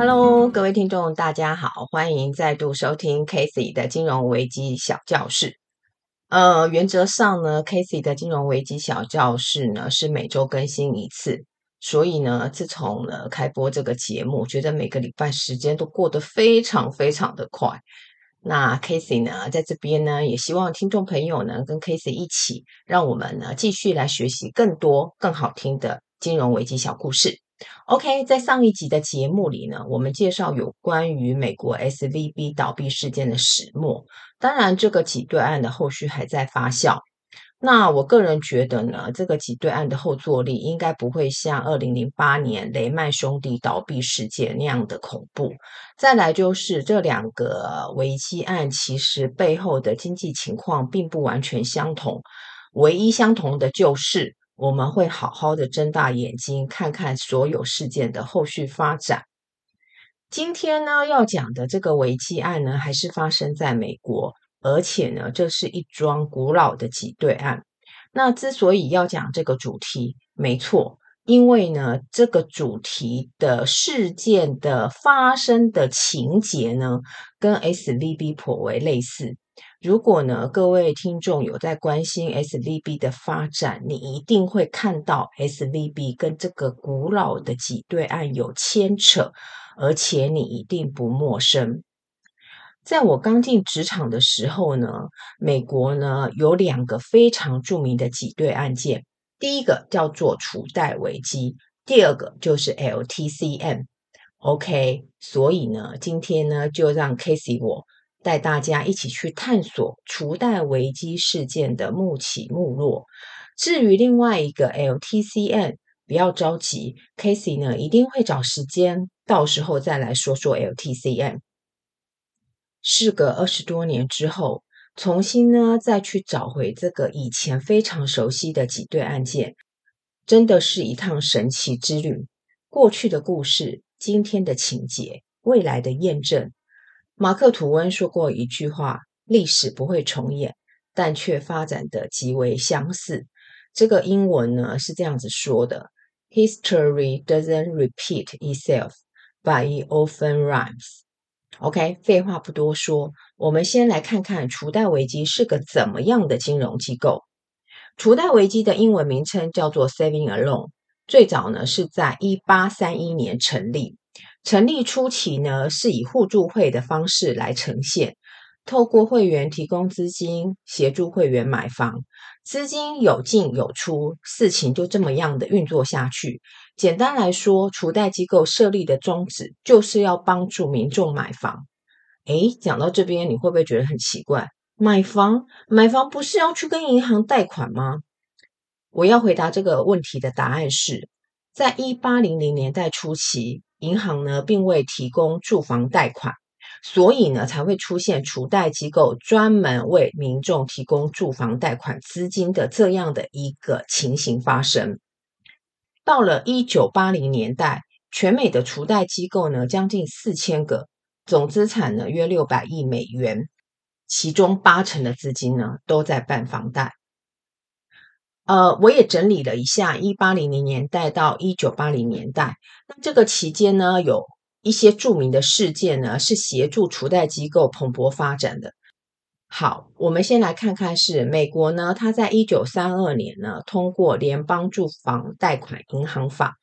哈嘍，Hello, 各位聽眾，大家好，歡迎再度收聽 Casey 的金融危機小教室。呃，原則上呢，Casey 的金融危機小教室呢是每周更新一次，所以呢，自從呢開播這個節目，覺得每個禮拜時間都過得非常非常的快。那 Casey 呢，在這邊呢，也希望聽眾朋友呢跟 Casey 一起，讓我們呢繼續來學習更多更好聽的金融危機小故事。OK，在上一集的節目裡呢，我們介紹有關於美國 SVB 倒閉事件的始末。當然，這個擠兌案的後續還在發酵。那我個人覺得呢，這個擠兌案的後坐力應該不會像二零零八年雷曼兄弟倒閉事件那樣的恐怖。再來就是這兩個危機案，其實背後的經濟情況並不完全相同，唯一相同的就是。我們會好好的睜大眼睛，看看所有事件的後續發展。今天呢，要講的這個危機案呢，還是發生在美國，而且呢，這是一樁古老的擠兌案。那之所以要講這個主題，沒錯，因為呢，這個主題的事件的發生的情節呢，跟 SVB 頗為類似。如果呢，各位聽眾有在關心 SVB 的發展，你一定會看到 SVB 跟這個古老的擠兌案有牽扯，而且你一定不陌生。在我剛進職場的時候呢，美國呢有兩個非常著名的擠兌案件，第一個叫做儲貸危機，第二個就是 LTCM。OK，所以呢，今天呢就讓 Casey 我。帶大家一起去探索儲貸危機事件的幕起幕落。至於另外一個 LTCM，不要着急，Casey 呢一定會找時間，到時候再來說說 LTCM。事隔二十多年之後，重新呢再去找回這個以前非常熟悉的擠兌案件，真的是一趟神奇之旅。過去的故事，今天的情節，未來的驗證。馬克吐溫說過一句話：“歷史不會重演，但卻發展得極為相似。”這個英文呢是這樣子說的：“History doesn't repeat itself, but it often rhymes。” OK，廢話不多說，我們先來看看儲貸危機是個怎麼樣的金融機構。儲貸危機的英文名稱叫做 “Saving Alone”，最早呢是在一八三一年成立。成立初期呢，是以互助會的方式來呈現，透過會員提供資金，協助會員買房，資金有進有出，事情就這麼樣的運作下去。簡單來說，儲貸機構設立的宗旨就是要幫助民眾買房。誒，講到這邊，你會不會覺得很奇怪？買房，買房不是要去跟銀行貸款嗎？我要回答這個問題的答案是，在一八零零年代初期。銀行呢，並未提供住房貸款，所以呢，才會出現儲貸機構專門為民眾提供住房貸款資金的這樣的一個情形發生。到了一九八零年代，全美的儲貸機構呢，將近四千個，總資產呢約六百億美元，其中八成的資金呢都在辦房貸。呃，我也整理了一下，一八零零年代到一九八零年代，那這個期間呢，有一些著名的事件呢，是協助儲貸機構蓬勃發展的。好，我們先來看看是美國呢，它在一九三二年呢，通過聯邦住房貸款銀行法，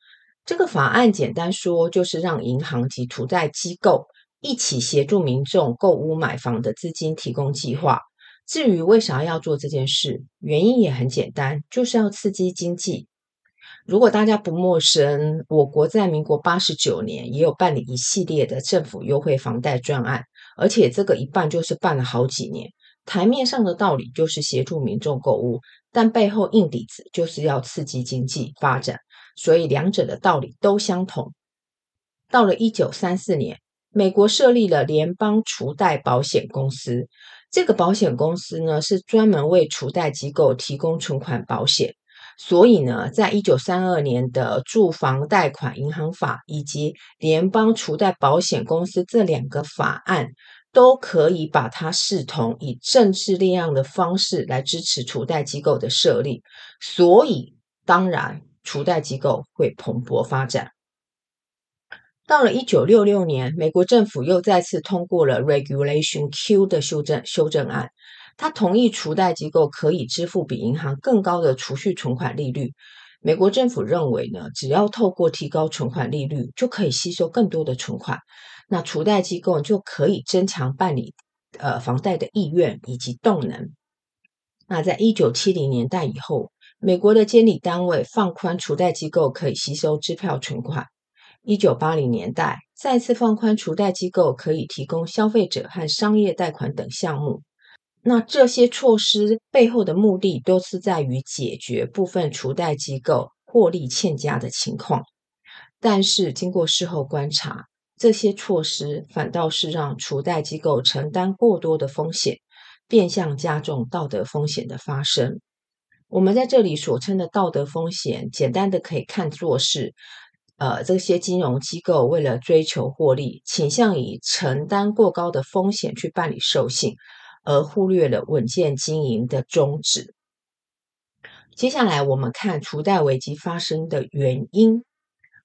這個法案簡單說，就是讓銀行及儲貸機構一起協助民眾購屋買房的資金提供計劃。至於為啥要做這件事，原因也很簡單，就是要刺激經濟。如果大家不陌生，我國在民國八十九年也有辦理一系列的政府優惠房貸專案，而且這個一辦就是辦了好幾年。台面上的道理就是協助民眾購屋，但背後硬底子就是要刺激經濟發展，所以兩者的道理都相同。到了一九三四年，美國設立了聯邦儲貸保險公司。這個保險公司呢，是專門為儲貸機構提供存款保險，所以呢，在一九三二年的住房貸款銀行法以及聯邦儲貸保險公司這兩個法案，都可以把它視同以正式立案的方式來支持儲貸機構的設立，所以當然儲貸機構會蓬勃發展。到了一九六六年，美國政府又再次通過了 Regulation Q 的修正修正案，他同意儲貸機構可以支付比銀行更高的儲蓄存款利率。美國政府認為呢，只要透過提高存款利率，就可以吸收更多的存款，那儲貸機構就可以增強辦理呃房貸的意願以及動能。那在一九七零年代以後，美國的監理單位放寬儲貸機構可以吸收支票存款。一九八零年代再次放寬，儲貸機構可以提供消費者和商業貸款等項目。那這些措施背後的目的，都是在於解決部分儲貸機構獲利欠佳的情況。但是經過事後觀察，這些措施反倒是讓儲貸機構承擔過多的風險，變相加重道德風險的發生。我們在這裡所稱的道德風險，簡單的可以看作是。呃，這些金融機構為了追求獲利，傾向以承擔過高的風險去辦理授信，而忽略了穩健經營的宗旨。接下來，我們看儲貸危機發生的原因。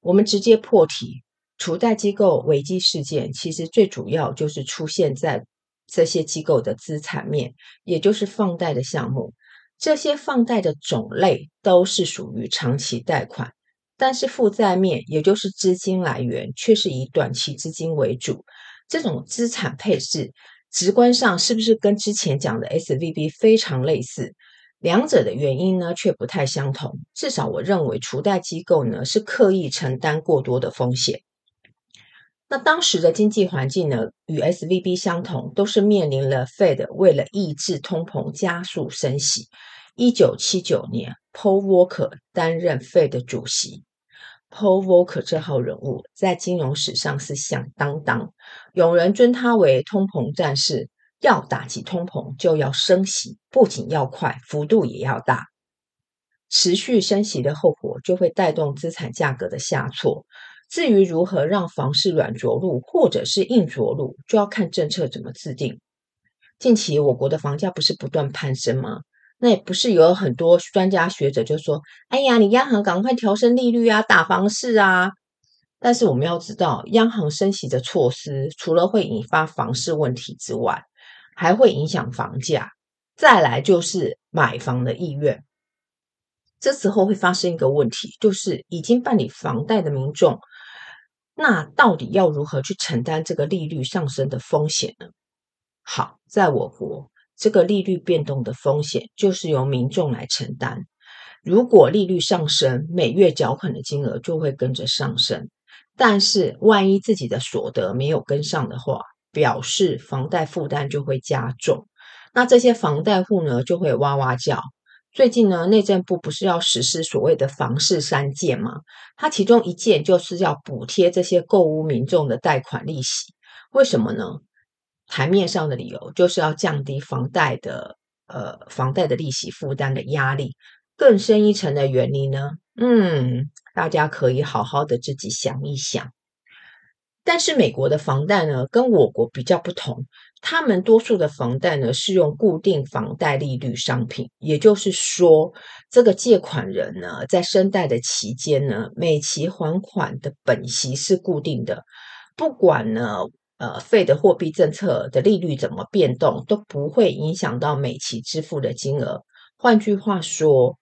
我們直接破題：儲貸機構危機事件其實最主要就是出現在這些機構的資產面，也就是放貸的項目。這些放貸的種類都是屬於長期貸款。但是負債面，也就是資金來源，卻是以短期資金為主。這種資產配置，直觀上是不是跟之前講的 S V B 非常類似？兩者的原因呢，卻不太相同。至少我認為，儲貸機構呢是刻意承擔過多的風險。那當時的經濟環境呢，與 S V B 相同，都是面臨了 Fed 為了抑制通膨加速升息。一九七九年，Paul Volcker 擔任 Fed 主席。Paul Volcker 這號人物在金融史上是響噹噹，有人尊他為通膨戰士。要打擊通膨，就要升息，不僅要快，幅度也要大。持續升息的後果就會帶動資產價格的下挫。至於如何讓房市軟着陸，或者是硬着陸，就要看政策怎麼制定。近期我國的房價不是不斷攀升嗎？那也不是有很多專家學者就說：“哎呀，你央行趕快調升利率啊，打房市啊！”但是我們要知道，央行升息的措施除了會引發房市問題之外，還會影響房價。再來就是買房的意願。這時候會發生一個問題，就是已經辦理房貸的民眾，那到底要如何去承擔這個利率上升的風險呢？好，在我國。這個利率變動的風險就是由民眾來承擔。如果利率上升，每月繳款的金額就會跟着上升。但是，萬一自己的所得沒有跟上的話，表示房貸負擔就會加重。那這些房貸戶呢，就會哇哇叫。最近呢，內政部不是要實施所謂的“房市三箭”嗎？它其中一件就是要補貼這些購屋民眾的貸款利息。為什麼呢？台面上的理由就是要降低房貸的呃房貸的利息負擔的壓力，更深一層的原因呢，嗯，大家可以好好的自己想一想。但是美國的房貸呢，跟我國比較不同，他們多數的房貸呢是用固定房貸利率商品，也就是說，這個借款人呢在生貸的期間呢，每期還款的本息是固定的，不管呢。呃，費的貨幣政策的利率怎麼變動都不會影響到美企支付的金額。換句話說，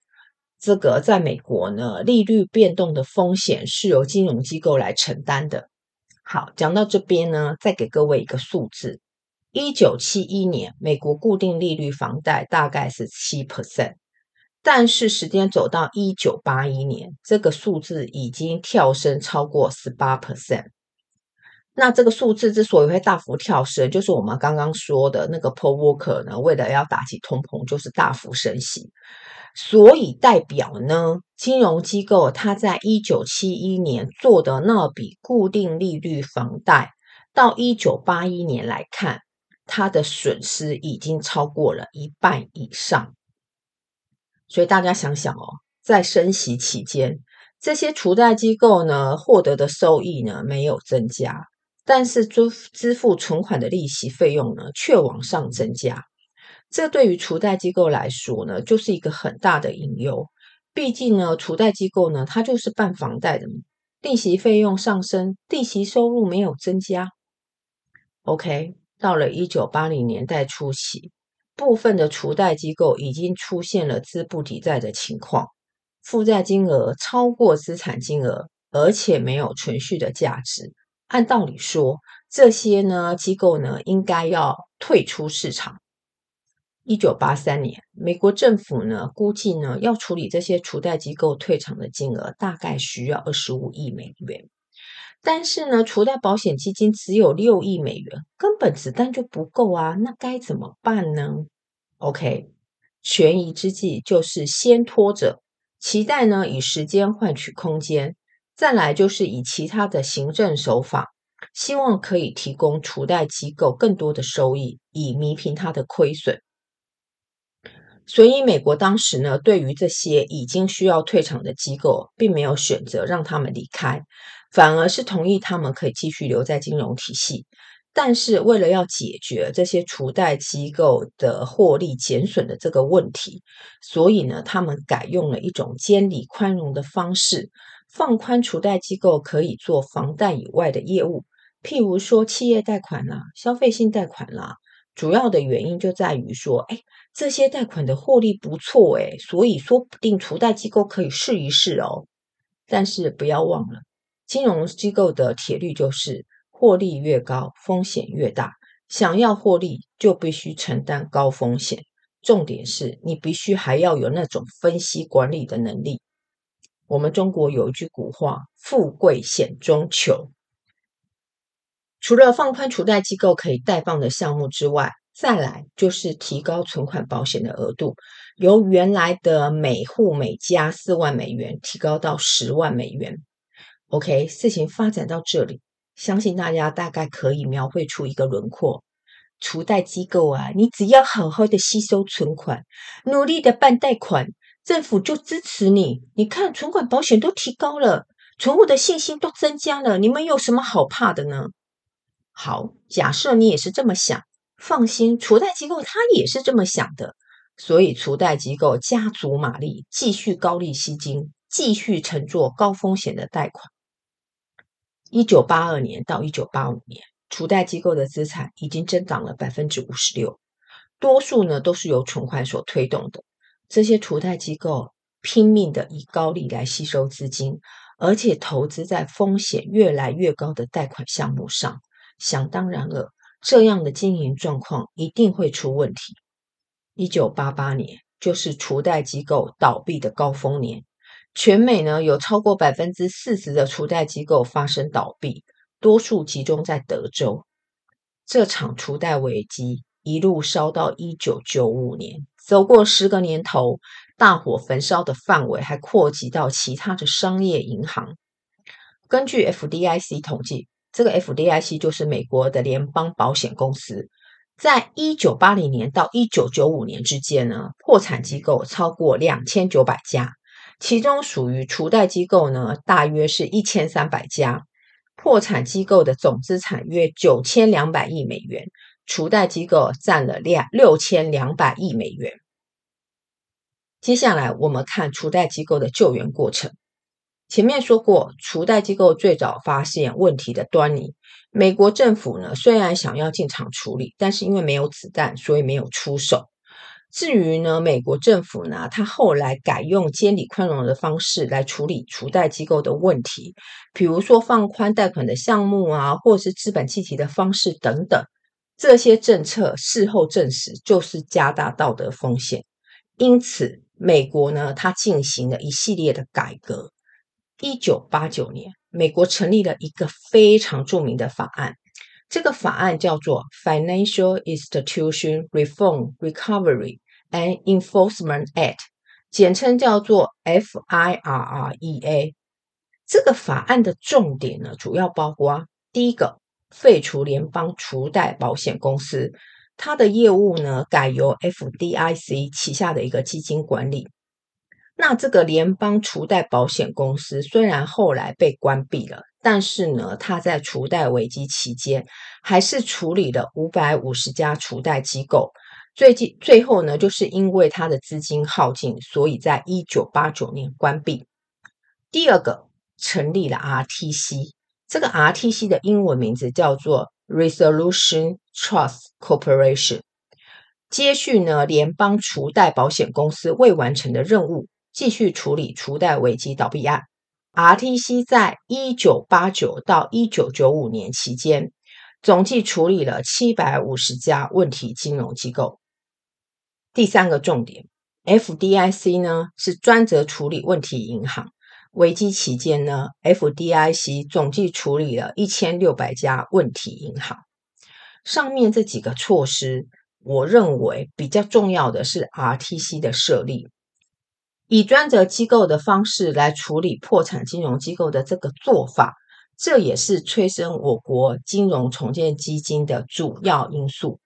這個在美國呢，利率變動的風險是由金融機構來承擔的。好，講到這邊呢，再給各位一個數字：一九七一年，美國固定利率房貸大概是七 percent，但是時間走到一九八一年，這個數字已經跳升超過十八 percent。那這個數字之所以會大幅跳升，就是我們剛剛說的那個 Paul Volcker 呢，為了要打擊通膨，就是大幅升息。所以代表呢，金融機構它在一九七一年做的那筆固定利率房貸，到一九八一年來看，它的損失已經超過了一半以上。所以大家想想哦，在升息期間，這些儲貸機構呢，獲得的收益呢，沒有增加。但是支支付存款的利息費用呢，卻往上增加。這對於儲貸機構來說呢，就是一個很大的隱憂。畢竟呢，儲貸機構呢，它就是辦房貸的嘛，利息費用上升，利息收入沒有增加。OK，到了一九八零年代初期，部分的儲貸機構已經出現了資不抵債的情況，負債金額超過資產金額，而且沒有存續的價值。按道理說，這些呢機構呢應該要退出市場。一九八三年，美國政府呢估計呢要處理這些儲貸機構退場的金額，大概需要二十五億美元。但是呢，儲貸保險基金只有六億美元，根本子彈就不夠啊！那該怎麼辦呢？OK，權宜之計就是先拖着，期待呢以時間換取空間。再來就是以其他的行政手法，希望可以提供儲貸機構更多的收益，以彌平它的虧損。所以，美國當時呢，對於這些已經需要退場的機構，並沒有選擇讓他們離開，反而是同意他們可以繼續留在金融體系。但是，為了要解決這些儲貸機構的獲利減損的這個問題，所以呢，他們改用了一種監理寬容的方式。放寬儲貸機構可以做房貸以外的業務，譬如說企業貸款啦、啊、消費性貸款啦、啊。主要的原因就在於說，哎，這些貸款的獲利不錯，哎，所以說不定儲貸機構可以試一試哦。但是不要忘了，金融機構的鐵律就是：獲利越高，風險越大。想要獲利，就必須承擔高風險。重點是你必須還要有那種分析管理的能力。我們中國有一句古話：“富貴險中求。”除了放寬儲貸機構可以貸放的項目之外，再來就是提高存款保險的額度，由原來的每戶每家四萬美元提高到十萬美元。OK，事情發展到這裡，相信大家大概可以描繪出一個輪廓：儲貸機構啊，你只要好好的吸收存款，努力的辦貸款。政府就支持你，你看存款保險都提高了，存戶的信心都增加了，你們有什麼好怕的呢？好，假設你也是這麼想，放心，儲貸機構他也是這麼想的，所以儲貸機構加足馬力，繼續高利吸金，繼續承做高風險的貸款。一九八二年到一九八五年，儲貸機構的資產已經增長了百分之五十六，多數呢都是由存款所推動的。這些儲貸機構拼命的以高利來吸收資金，而且投資在風險越來越高的貸款項目上，想當然了，這樣的經營狀況一定會出問題。一九八八年就是儲貸機構倒閉的高峰年，全美呢有超過百分之四十的儲貸機構發生倒閉，多數集中在德州。這場儲貸危機一路燒到一九九五年。走過十個年頭，大火焚燒的範圍還擴及到其他的商業銀行。根據 FDIC 統計，這個 FDIC 就是美國的聯邦保險公司，在一九八零年到一九九五年之間呢，破產機構超過兩千九百家，其中屬於儲貸機構呢，大約是一千三百家。破產機構的總資產約九千兩百億美元，儲貸機構占了兩六千兩百億美元。接下來我們看儲貸機構的救援過程。前面說過，儲貸機構最早發現問題的端倪。美國政府呢，雖然想要進場處理，但是因為沒有子彈，所以沒有出手。至於呢，美國政府呢，他後來改用監理寬容的方式來處理儲貸機構的問題，比如說放寬貸款的項目啊，或者是資本計提的方式等等。這些政策事後證實，就是加大道德風險。因此。美國呢，它進行了一系列的改革。一九八九年，美國成立了一個非常著名的法案，這個法案叫做 Financial Institution Reform Recovery and Enforcement Act，簡稱叫做 FIRREA。這個法案的重點呢，主要包括，第一個，廢除聯邦儲貸保險公司。它的業務呢，改由 FDIC 旗下的一個基金管理。那這個聯邦儲貸保險公司雖然後來被關閉了，但是呢，它在儲貸危機期間還是處理了五百五十家儲貸機構。最近最後呢，就是因為它的資金耗盡，所以在一九八九年關閉。第二個成立了 RTC，這個 RTC 的英文名字叫做。Resolution Trust Corporation，接續呢，聯邦儲貸保險公司未完成的任務，繼續處理儲貸危機倒閉案。RTC 在一九八九到一九九五年期間，總計處理了七百五十家問題金融機構。第三個重點，FDIC 呢，是專責處理問題銀行。危機期間呢，FDIC 總計處理了1600家問題銀行。上面這幾個措施，我認為比較重要的是 RTC 的設立。以專責機構的方式來處理破產金融機構的這個做法，這也是催生我國金融重建基金的主要因素。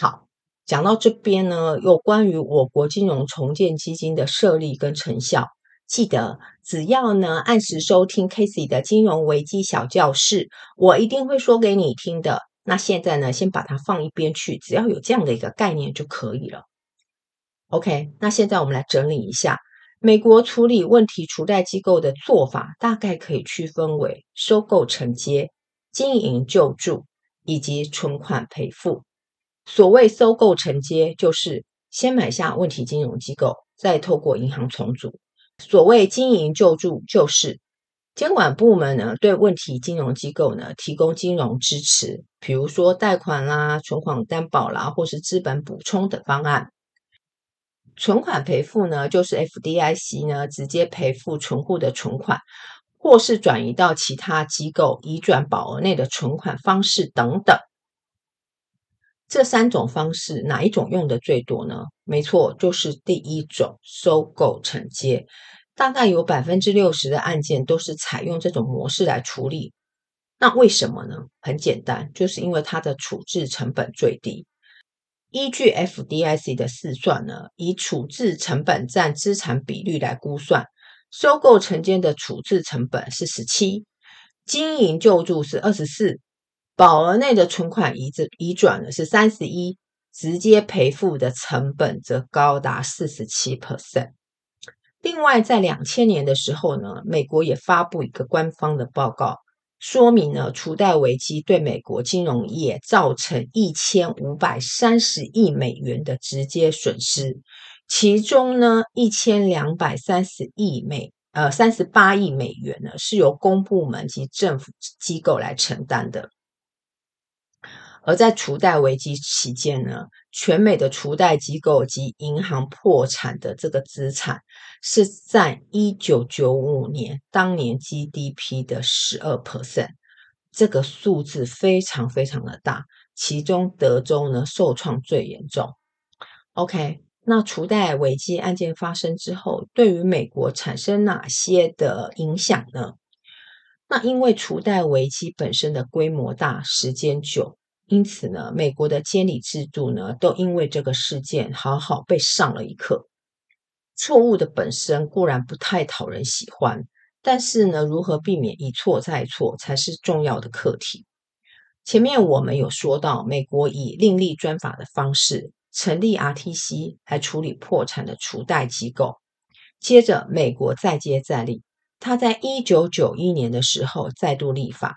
好，講到這邊呢，有關於我國金融重建基金的設立跟成效。記得，只要呢按時收聽 Casey 的金融危機小教室，我一定會說給你聽的。那現在呢，先把它放一邊去，只要有這樣的一個概念就可以了。OK，那現在我們來整理一下，美國處理問題儲貸機構的做法，大概可以區分為收購承接、經營救助以及存款賠付。所謂收購承接，就是先買下問題金融機構，再透過銀行重組。所謂經營救助，就是監管部門呢對問題金融機構呢提供金融支持，比如說貸款啦、存款擔保啦，或是資本補充等方案。存款賠付呢，就是 FDIC 呢直接賠付存戶的存款，或是轉移到其他機構移轉保額內的存款方式等等。這三種方式哪一種用的最多呢？沒錯，就是第一種收購承接，大概有百分之六十的案件都是採用這種模式來處理。那為什麼呢？很簡單，就是因為它的處置成本最低。依據 FDIC 的試算呢，以處置成本占資產比率來估算，收購承接的處置成本是十七，經營救助是二十四。保額內的存款移至移轉的是三十一，直接賠付的成本則高達四十七 percent。另外，在兩千年的時候呢，美國也發布一個官方的報告，說明呢，儲貸危機對美國金融業造成一千五百三十億美元的直接損失，其中呢，一千兩百三十億美，呃，三十八億美元呢，是由公部門及政府機構來承擔的。而在儲貸危機期間呢，全美的儲貸機構及銀行破產的這個資產，是佔一九九五年當年 GDP 的十二 percent，這個數字非常非常的大。其中，德州呢受創最嚴重。OK，那儲貸危機案件發生之後，對於美國產生哪些的影響呢？那因為儲貸危機本身的規模大，時間久。因此呢，美國的監理制度呢，都因為這個事件好好被上了一課。錯誤的本身固然不太討人喜歡，但是呢，如何避免一錯再錯才是重要的課題。前面我們有說到，美國以另立專法的方式成立 RTC 來處理破產的儲貸機構。接着，美國再接再厲，他在一九九一年的時候再度立法。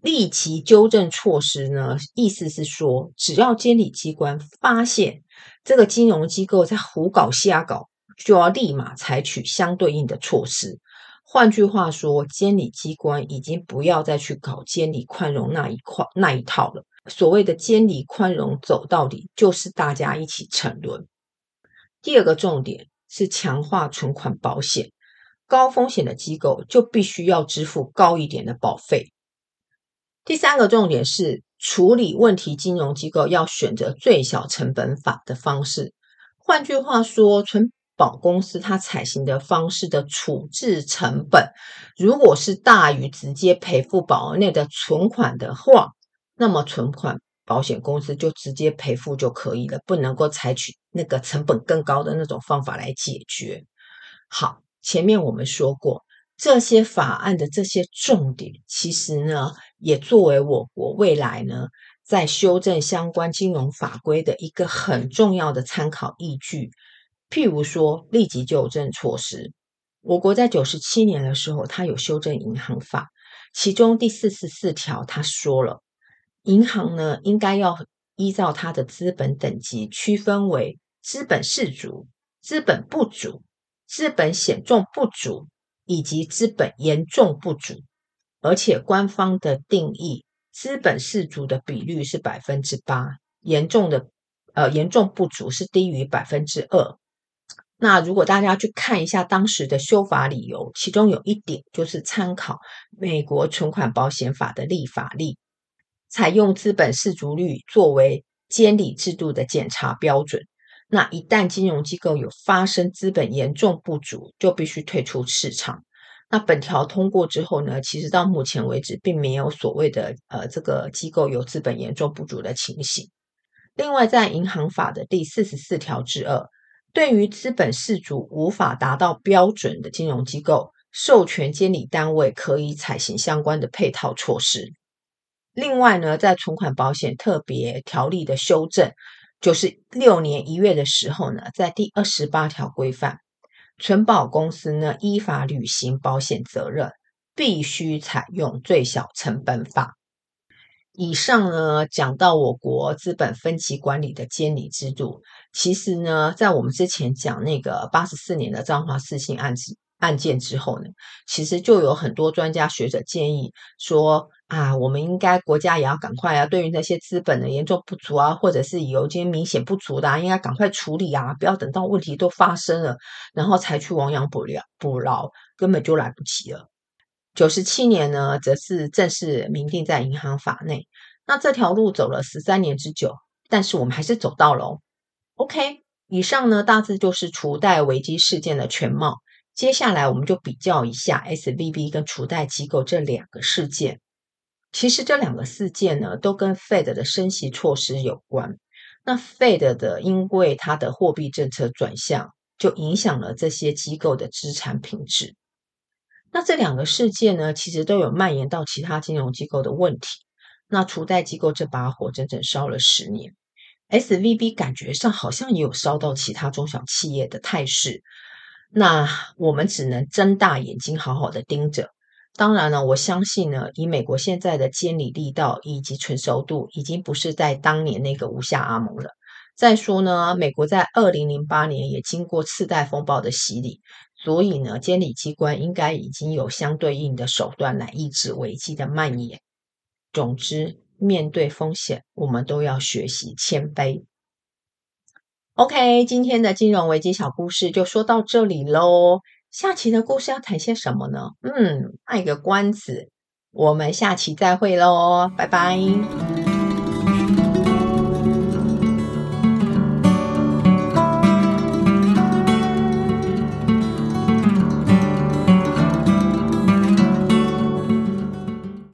立即糾正措施呢，意思是說，只要監理機關發現這個金融機構在胡搞瞎搞，就要立馬採取相對應的措施。換句話說，監理機關已經不要再去搞監理寬容那一塊那一套了。所謂的監理寬容走到底，就是大家一起沉淪。第二個重點是強化存款保險，高風險的機構就必須要支付高一點的保費。第三個重點是處理問題金融機構，要選擇最小成本法的方式。換句話說，存保公司它採行的方式的處置成本，如果是大於直接賠付保額內的存款的話，那麼存款保險公司就直接賠付就可以了，不能夠採取那個成本更高的那種方法來解決。好，前面我們說過，這些法案的這些重點，其實呢，也作為我國我未來呢，在修正相關金融法規的一個很重要的參考依據。譬如說，立即糾正措施，我國在九十七年的時候，它有修正銀行法，其中第四十四條，它說了，銀行呢應該要依照它的資本等級區分為資本適足、資本不足、資本顯著不足以及資本嚴重不足。而且官方的定義，資本適足的比率是百分之八，嚴重的呃、嚴重不足是低於百分之二。那如果大家去看一下當時的修法理由，其中有一點就是參考美國存款保險法的立法例，採用資本適足率作為監理制度的檢查標準。那一旦金融機構有發生資本嚴重不足，就必須退出市場。那本條通過之後呢，其實到目前為止，並沒有所謂的呃，這個機構有資本嚴重不足的情形。另外，在銀行法的第四十四條之二，對於資本適足無法達到標準的金融機構，授權監理單位可以採行相關的配套措施。另外呢，在存款保險特別條例的修正，九十六年一月的時候呢，在第二十八條規範。存保公司呢，依法履行保險責任，必須採用最小成本法。以上呢，講到我國資本分級管理的監理制度。其實呢，在我們之前講那個八十四年的彰化四信案子案件之後呢，其實就有很多專家學者建議說。啊，我們應該國家也要趕快啊！對於那些資本的嚴重不足啊，或者是有些明顯不足的，啊，應該趕快處理啊！不要等到問題都發生了，然後才去亡羊補牢，補牢根本就來不及了。九十七年呢，則是正式明定在銀行法內。那這條路走了十三年之久，但是我們還是走到了哦。OK，以上呢，大致就是儲貸危機事件的全貌。接下來我們就比較一下 SVB 跟儲貸機構這兩個事件。其實這兩個事件呢，都跟 Fed 的升息措施有關。那 Fed 的因為它的貨幣政策轉向，就影響了這些機構的資產品質。那這兩個事件呢，其實都有蔓延到其他金融機構的問題。那儲貸機構這把火整整燒了十年，SVB 感覺上好像也有燒到其他中小企業的態勢。那我們只能睜大眼睛，好好的盯着。當然了，我相信呢，以美國現在的監理力道以及成熟度，已經不是在當年那個吳下阿蒙了。再說呢，美國在二零零八年也經過次貸風暴的洗禮，所以呢，監理機關應該已經有相對應的手段來抑制危機的蔓延。總之，面對風險，我們都要學習謙卑。OK，今天的金融危機小故事就說到這裡嘍。下期的故事要談些什麼呢？嗯，賣個關子，我們下期再會嘍，拜拜。